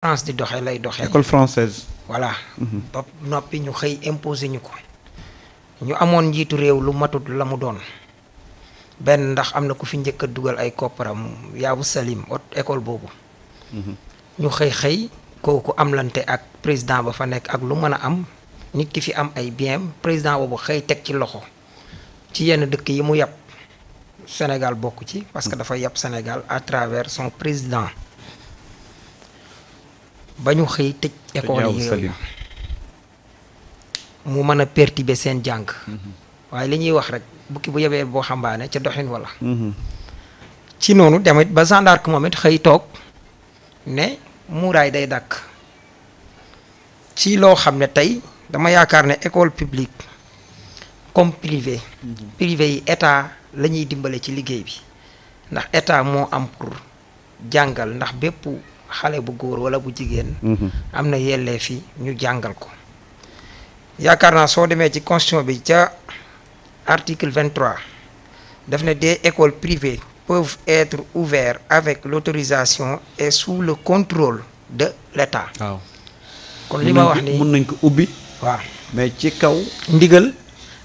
France di doxe lay doxee. école voilà. Mhm. noppi ñu xëy imposé ñu ko. ñu amoon njiitu réew lu matut la mu doon. benn ndax am na ku fi njëkk a dugal ay kopparam yaabu Salim ot école boobu. Mhm. ñu xëy xëy kooku amlante ak président ba fa nekk ak lu mën a am. nit ki fi am ay bien président boobu xëy teg ci loxo. ci yenn dëkk yi mu yàpp Sénégal bokk ci parce que mhm. dafa yàpp Sénégal à travers son président. ba ñu xëy tëj école yi yooyu mu mën a perturber seen jàng mhm. waaye li ñuy wax rek bukki bu yebee boo xambaane ca doxin wala mhm. ci noonu tamit ba gendarme moom it xëy toog ne muuraay day dàkk ci loo xam ne tey dama yaakaar ne école publique comme privé mhm. privé yi état lañuy ñuy dimbale ci liggéey bi ndax état moo am pour jàngal ndax bépp xale bu góor wala bu jigéen. Mhm. am na yellee fi ñu jàngal ko. yaakaar naa soo demee ci constitution bi ca article vingt trois daf ne des écoles privées peuvent être ouvertes avec l'autorisation et sous le contrôle de l'État. waaw kon li ma wax ni mun nañ ko ubbi. waaw mais ci kaw. ndigal.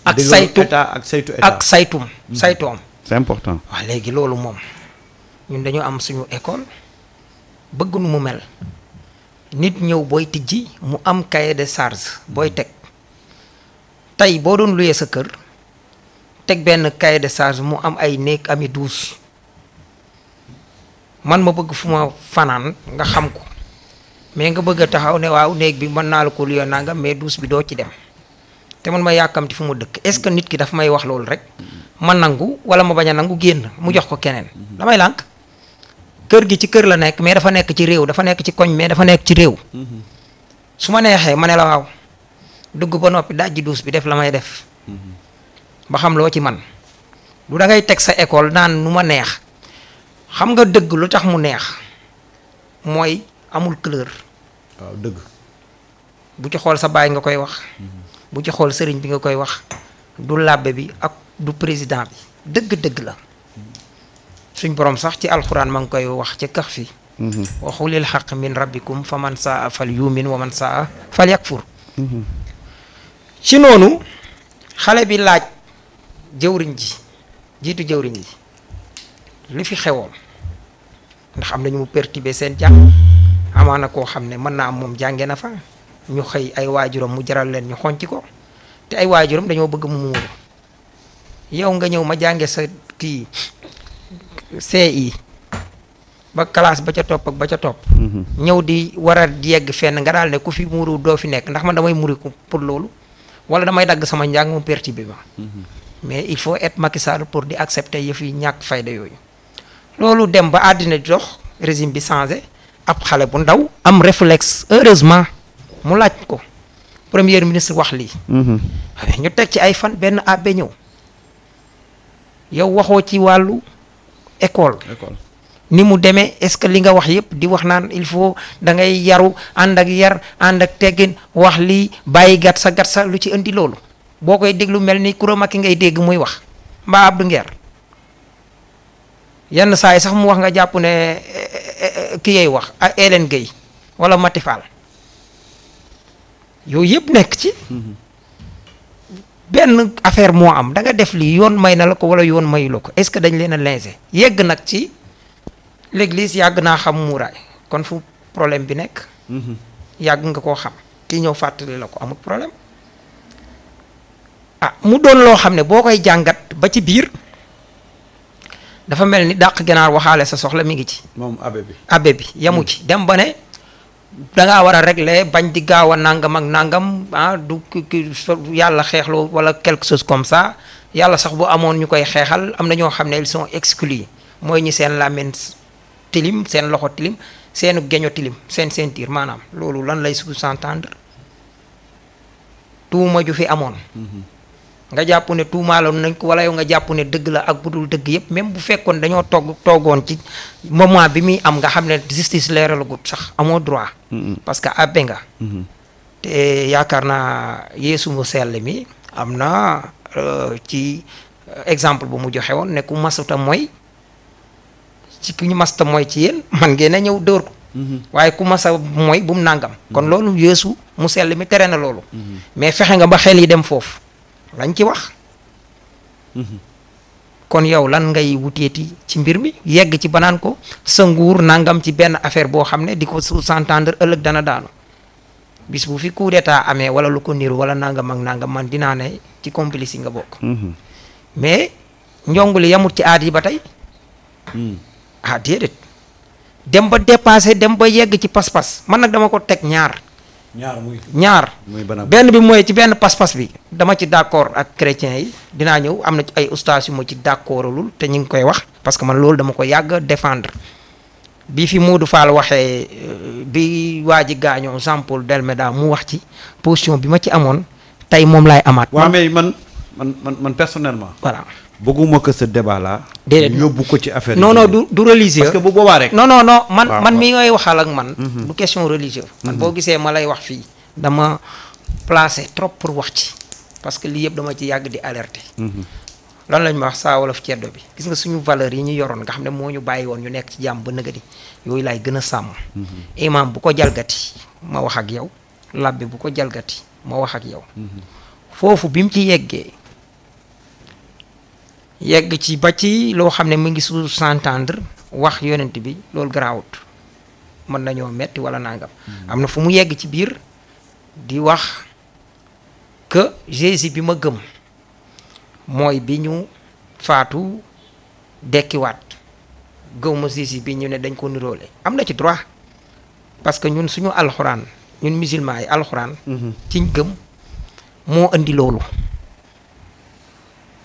ak saytu ak saytu état saytum mhm. saytoom. c'est important. léegi loolu moom ñun dañu am suñu école. bëgg nu mu mel nit ñëw booy tijji mu am cahier de charge booy teg tey boo doon luyee sa kër teg benn cahier de charge mu am ay néeg ami douche man ma bëgg fu ma fanaan nga xam ko mais nga bëgg a taxaw ne waaw néeg bi mën naa la ko luyee nangam mais douche bi doo ci dem te man ma yàkkamti fu ma dëkk est-ce que nit ki dafa may wax loolu rek ma nangu wala ma bañ a nangu génn mu jox ko keneen damay lànk kër gi ci kër la nekk mais dafa nekk ci réew dafa nekk ci koñ mais dafa nekk ci réew mhm. su ma neexee ma ne la waaw dugg ba noppi dajji duus bi def la may def mhm. ba xam loo ci man da ngay teg sa école naan nu ma neex xam nga dëgg lu tax mu neex mooy amul cleur waaw bu ci xool sa baay nga koy wax mhm. bu ci xool sëriñ bi nga koy wax du làbbe bi ak du président bi dëgg-dëgg la suñ borom sax ci alxuraan ma ngi koy wax ci kax fi mhm. waxulil xaq min rabbikum fa man saa fal yumin wa man saa fal yakfur mhm. ci noonu xale bi laaj jëwriñ ji jiitu jëwriñ ji li fi xewoon ndax am nañu mu perturbé seen jàng amaana koo xam ne mën naa am moom jànge na fa ñu xëy ay waajuram mu jaral leen ñu xonc ko te ay waajuram dañoo bëgg mu muuru yow nga ñëw ma jànge sa kii CI ba classe ba ca topp ak ba ca topp. Mm-hmm. ñëw di war a yegg fenn nga daal ne ku fi muuru doo fi nekk ndax ma damay ko pour loolu wala damay dagg sama njàng mu perti bi ba. Mm-hmm. mais il faut et Macky Sall pour di accepter yëf yi ñàkk fayda yooyu. loolu dem ba àddina di dox régime bi changé ab xale bu ndaw. am réflexe heureusement mu laaj ko premier ministre wax lii. Mm-hmm. ñu teg ci ay fan benn abbé ñëw yow waxoo ci wàllu. école ni mu demee est-ce que li nga wax yépp di wax naan il faut dangay yaru ànd ak yar ànd ak teggin wax li bàyyi gat sa gat sa lu ci indi loolu boo koy déglu mel ni kuramaki ngay dégg muy wax mbaa Abdou Nguer yenn saa yi sax mu wax nga jàpp ne eh, eh, eh, ki yay wax ak Hélène Gueye wala Mati Fall yépp nekk ci mm-hmm. benn affaire moo am da nga def lii yoon may na la ko wala yoon mayu la ko est-ce que dañ leen a lincé nag ci l'église yàgg naa xam muuraay kon fu problème bi nekk mhm. yàgg nga koo xam kii ñëw fàttali la ko amul problème ah mu doon loo xam ne boo koy jàngat ba ci biir dafa mel ni dàq ganaar waxaale sa soxla mi ngi ci moom abbé bi abbé bi yamu mhm. ci dem ba ne dangaa war a régler bañ di gaaw a nangam ak nangam ah du ki yàlla xeexloo wala quelque chose comme ça yàlla sax bu amoon ñu koy xeexal am na ñoo xam ne ils sont exclus mooy ñi seen làmmiñ tilim seen loxo tilim seen geño tilim seen ceinture maanaam loolu lan lay sous-entendre tuuma ju fi amoon. Mm-hmm. nga jàpp ne tuumaaloon nañ ko wala yow nga jàppu ne dëgg la ak bu dul dëgg yépp même bu fekkoon dañoo togg toogoon ci moment bi muy am nga xam ne justice leeralagut sax amoo droit. parce que abbé nga. Mm-hmm. yaakaar naa Yeesu mu mi am na euh, ci euh, exemple bu mu joxe woon ne ku masuta mooy ci ki ñu masuta mooy ci yéen man ngeen a ñëw dóor ko. Mm-hmm. waaye ku masa mooy bu mu nàngam. kon mm-hmm. loolu Yeesu mu sell mi tere na loolu. mais fexe nga ba xel yi dem foofu. lañ ci wax. Mhm. kon yow lan ngay wuteeti ci mbir mi yegg ci banaan ko sa nguur nangam ci benn affaire boo xam ne di ko sous-entendre ëllëg dana daanu bisbu fi coup d'état amee wala lu ko niru wala nangam ak nangam man dinaa ne ci complice yi nga bokk. Mhm. mais njonguli yamut ci aad yi ba tey. Mhm. ah déedéet dem ba dépassé dem ba yegg ci pas-pas man nag dama ko teg ñaar. ñaar muy ñaar. benn bi mooy ci benn pas-pas bi. dama ci d'accord ak chrétien yi dinaa ñëw am na ci ay ustaas ci ma ci d'accordul te ñu ngi koy wax parce que man loolu dama ko yàgg défendre bi fi du Fall waxee euh, bi waa ji gaañoo Jean del Delmeda mu wax ci position bi ma ci amoon tey moom laay amaat. waaw mais man man man man personnellement. voilà. bëgguma ko ce débat là. déedéet yóbbu ko ci affaire non du du religieux. parce que bu boobaa rek. non non non man man mi ngay waxal ak man. Mhm. du question religieux. man mhm. boo gisee ma lay wax fii dama placé trop pour wax ci parce que lii yëpp dama ci yàgg di alerter. Mhm. lan lañ ma wax saa wolof ceddo bi gis nga suñu valeur yi ñu yoroon nga xam ne moo ñu bàyyi woon ñu nekk ci jàmm ba nëgëdi yooyu laay gën a sàmm. imam bu ko jalgati ma wax ak yow labbi bu ko jalgati ma wax ak yow. bi mu ci yeggee. yegg ci ba ci loo xam ne mu ngi su s'entendre wax yonent bi loolu garaawut mën nañoo metti wala nangam. Hmm. am na fu mu yegg ci biir di wax que Jésus bi ma gëm mooy bi ñu faatu dekkiwaat gëw ma Jésus bi ñu ne dañ ko niroole am na ci droit parce que ñun suñu alxuraan ñun musulman yi alxuraan. Hmm. ci gëm moo indi loolu.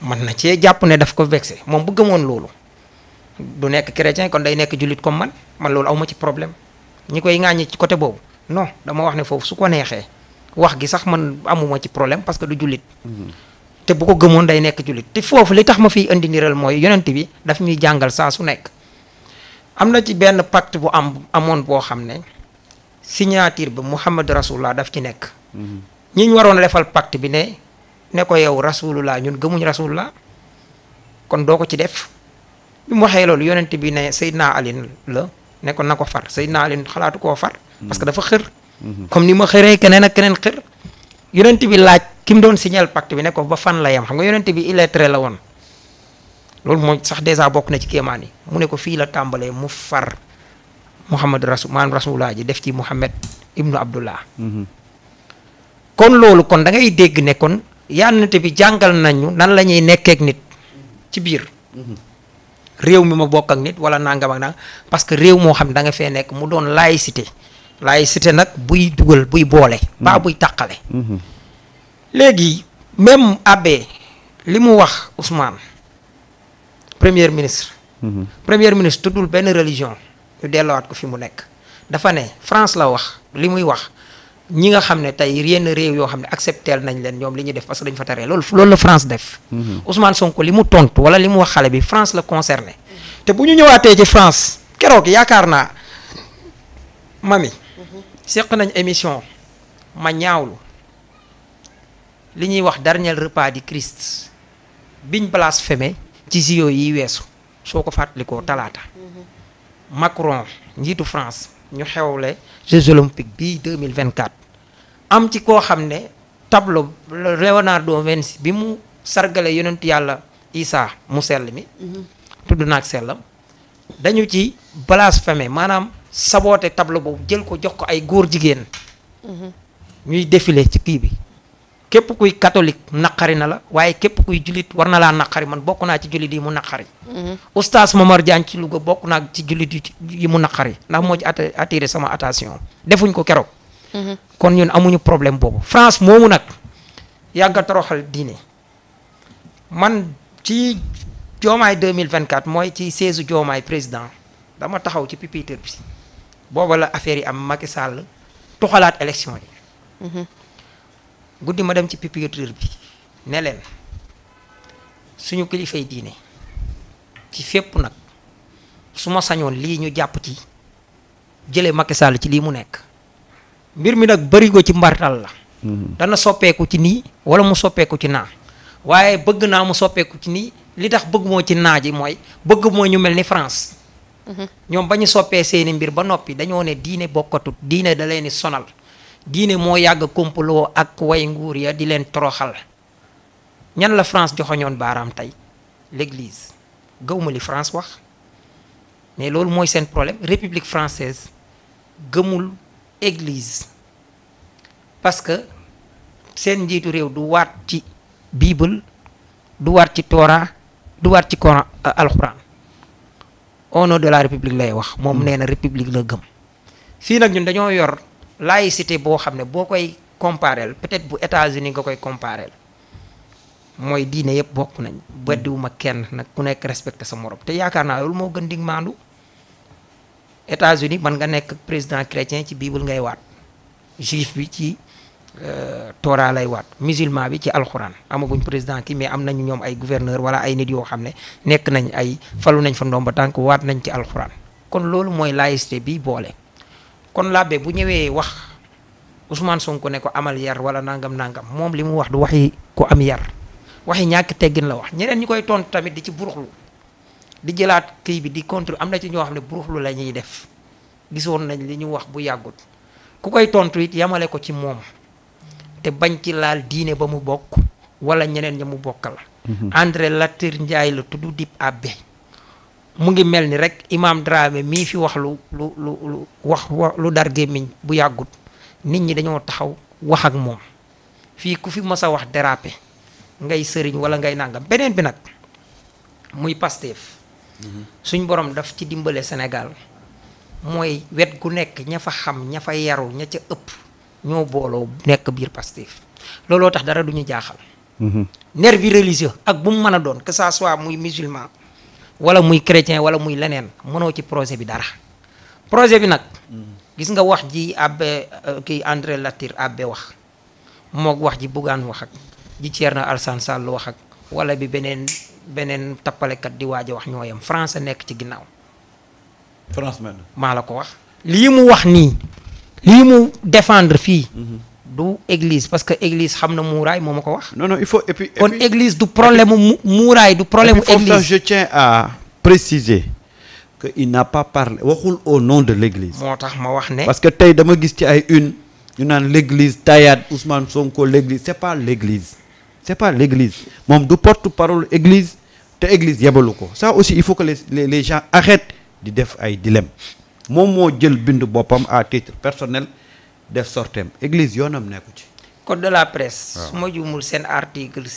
man na cee jàpp ne daf ko vexé moom bu gëmoon loolu du nekk chrétien kon day nekk jullit comme man man loolu awma ci problème ñi koy ŋàññi ci côté boobu non dama wax ne foofu su ko neexee wax gi sax man amuma ci problème parce que du jullit mm-hmm. te bu ko gëmoon day nekk jullit te foofu li tax ma fiy indi niral mooy yonent bi daf ñuy jàngal saa su nekk am na ci benn pacte bu am amoon boo xam ne signature bi Muhammad Rasulullah daf ci nekk mm-hmm. ñi ñu waroon a defal pacte bi ne ne ko yow rasulullah ñun gëmuñ rasulullah kon doo ko ci def bi mu waxee loolu yonent bi ne Seydina Ali la ne na ko far Seydina Ali xalaatu koo far. parce que dafa xër. Mhm. comme ni ma xëree keneen ak keneen xër. yonent bi laaj ki mu doon signal pacte bi ne ko ba fan la yem xam nga yonent bi illettré la woon loolu mooy sax dèjà bokk na ci kéemaan yi mu ne ko fii la tàmbalee mu far Muhammad rasul maanaam rasulullah ji def ci Muhammad abdula Abdullah. Mhm. kon loolu kon da dégg ne yànnante bi jàngal nañu nan la ñuy nekkeek nit ci biir réew mi ma bokk ak nit wala nangam ak nangam parce que réew moo xam ne danga fee nekk mu doon laïcité laïcité nag buy dugal buy boole baa mm-hmm. buy tàqale mm-hmm. léegi même abbé li mu wax Ousmane premier ministre mm-hmm. première ministre tuddul benn religion ñu dellowaat ko fi mu nekk dafa ne France la wax li muy wax ñi nga xam ne tey yenn réew yoo xam ne accepteel nañ leen ñoom li ñuy def parce que dañu fa taree loolu loolu la France def. Mhm. Ousmane Sonko li mu tontu wala li mu wax xale bi France la concerné. te bu ñu ñëwaatee ci France keroog yaakaar naa mami. seq nañ émission ma ñaawlu li ñuy wax dernier repas du Christ biñ blasphémé ci si yi weesu soo ko fàttalikoo talaata. Mhm. Macron njiitu France ñu xewle Jeux olympiques bii 2024 am ci koo xam ne tableau Leonardo Vinci bi mu sargale yonent yàlla Isaa mu sell mi mhm. tudd naag sellam dañu ci blasphémé maanaam saboote tableau boobu jël ko jox ko ay góor jigéen mhm. ñuy défilé ci kii bi képp kuy catholique naqari na la waaye képp kuy jullit war na laa naqari man bokk naa ci jullit yi mu naqari mhm. oustaz Momar Diagne ci Louga bokk naa ci jullit yi mu naqari ndax moo ci attiré sama attention defuñ ko keroog kon ñun amuñu problème boobu France moomu nag yàgga toroxal diine man ci joomaay 2024 mooy ci seize joomaay président dama taxaw ci pupitre bi booba la affaire yi am Macky Sall toxalaat élection yi guddi ma dem ci pupitre bi ne leen suñu kilifay diine ci fépp nag su ma sañoon lii ñu jàpp ci jëlee Macky Sall ci lii mu nekk mbir mi nag barigo ci mbartal la. Mhm. dana soppeeku ci nii wala mu soppeeku ci naa waaye bëgg naa mu soppeeku ci nii li tax bëgg moo ci naa ji mooy bëgg moo ñu mel ni France. Mhm. ñoom ba ñu soppee seeni mbir ba noppi dañoo ne diine bokkatut diine da leen sonal diine moo yàgg kompaloo ak way nguur ya di leen toroxal ñan la France joxoñoon baaraam tey l'église gëwma li France wax mais loolu mooy seen problème république française gëmul église parce que seen njiitu réew du waat ci bible du waat ci Torah du waat ci Coran euh, alxuraan au de la république lay wax. moom mm. nee na république la gëm. fii nag ñun dañoo yor laïcité boo xam ne boo koy compareel peut-être bu États-Unis nga koy compareel mooy diine yëpp bokk nañ mm. weddiwuma kenn nag ku nekk respecté sa morom te yaakaar naa loolu moo gën di maandu. États-Unis mën nga nekk président chrétien ci bible ngay waat juif bi ci euh, Torah lay waat musulman bi ci alxuraan amaguñ président ki mais am nañu ñoom ay gouverneur wala ay nit yoo xam ne nekk nañ ay falu nañ fa ndomba tànk waat nañ ci alxuraan kon loolu mooy laïcité bi boole kon làbbe bu ñëwee wax Ousmane Sonko ne ko amal yar wala nangam nangam moom li mu wax du waxi ko am yar waxi ñàkk teggin la wax ñeneen ñi koy tontu tamit di ci buruxlu di jëlaat kii bi di contre am na ci ñoo xam ne buruxlu la ñuy def gisoon nañ li ñu wax bu yàggut ku koy tontu it yamale ko ci moom te bañ ci laal diine ba mu bokk wala ñeneen ña mu bokkal. Mhm. André Latyr njaay la tudd dib abbé mu ngi mel ni rek imam Dramé mii fi wax lu lu lu wax lu dar gémmiñ bu yàggut nit ñi dañoo taxaw wax ak moom fii ku fi mës a wax dérapé ngay sëriñ wala ngay nàngam beneen bi nag muy Pastef suñ borom daf ci dimbale Sénégal mooy wet gu nekk ña fa xam ña fa yaru ña ca ëpp ñoo booloo nekk biir Pastef looloo tax dara du ñu jaaxal. Mhm. nervi religieux ak bu mu mën a doon que ça soit muy musulman wala muy chrétien wala muy leneen mënoo ci projet bi dara projet bi nag. gis nga wax ji abbé euh, kii André Latir abbé wax moog wax ji Bougane wax ak ji na Alassane lu wax ak wala bi beneen. beneen tappalekat di waaj a wax ñoo yem France nekk ci ginnaaw. France mel maa la ko wax. lii mu wax nii lii mu defendre fii. Mhm. du église parce que église xam na muuraay moo ma ko wax. non il faut et puis. kon église du problème mu muuraay du problème mu. église foofu à préciser. que il n'a pas parlé waxul au nom de l'église. moo tax ma wax ne. parce que tey dama gis ci ay une ñu naan l'église tayaat Ousmane Sonko l'église c'est pas l'église. c'est pas l'église moom du porte-parole église te église yebalu ko ça aussi il faut que les les, les gens arrêtent di def ay dilemme moom moo jël bindu boppam à titre personnel def sortem église yoonam nekku ci code de la presse ah. su ma juumul seen article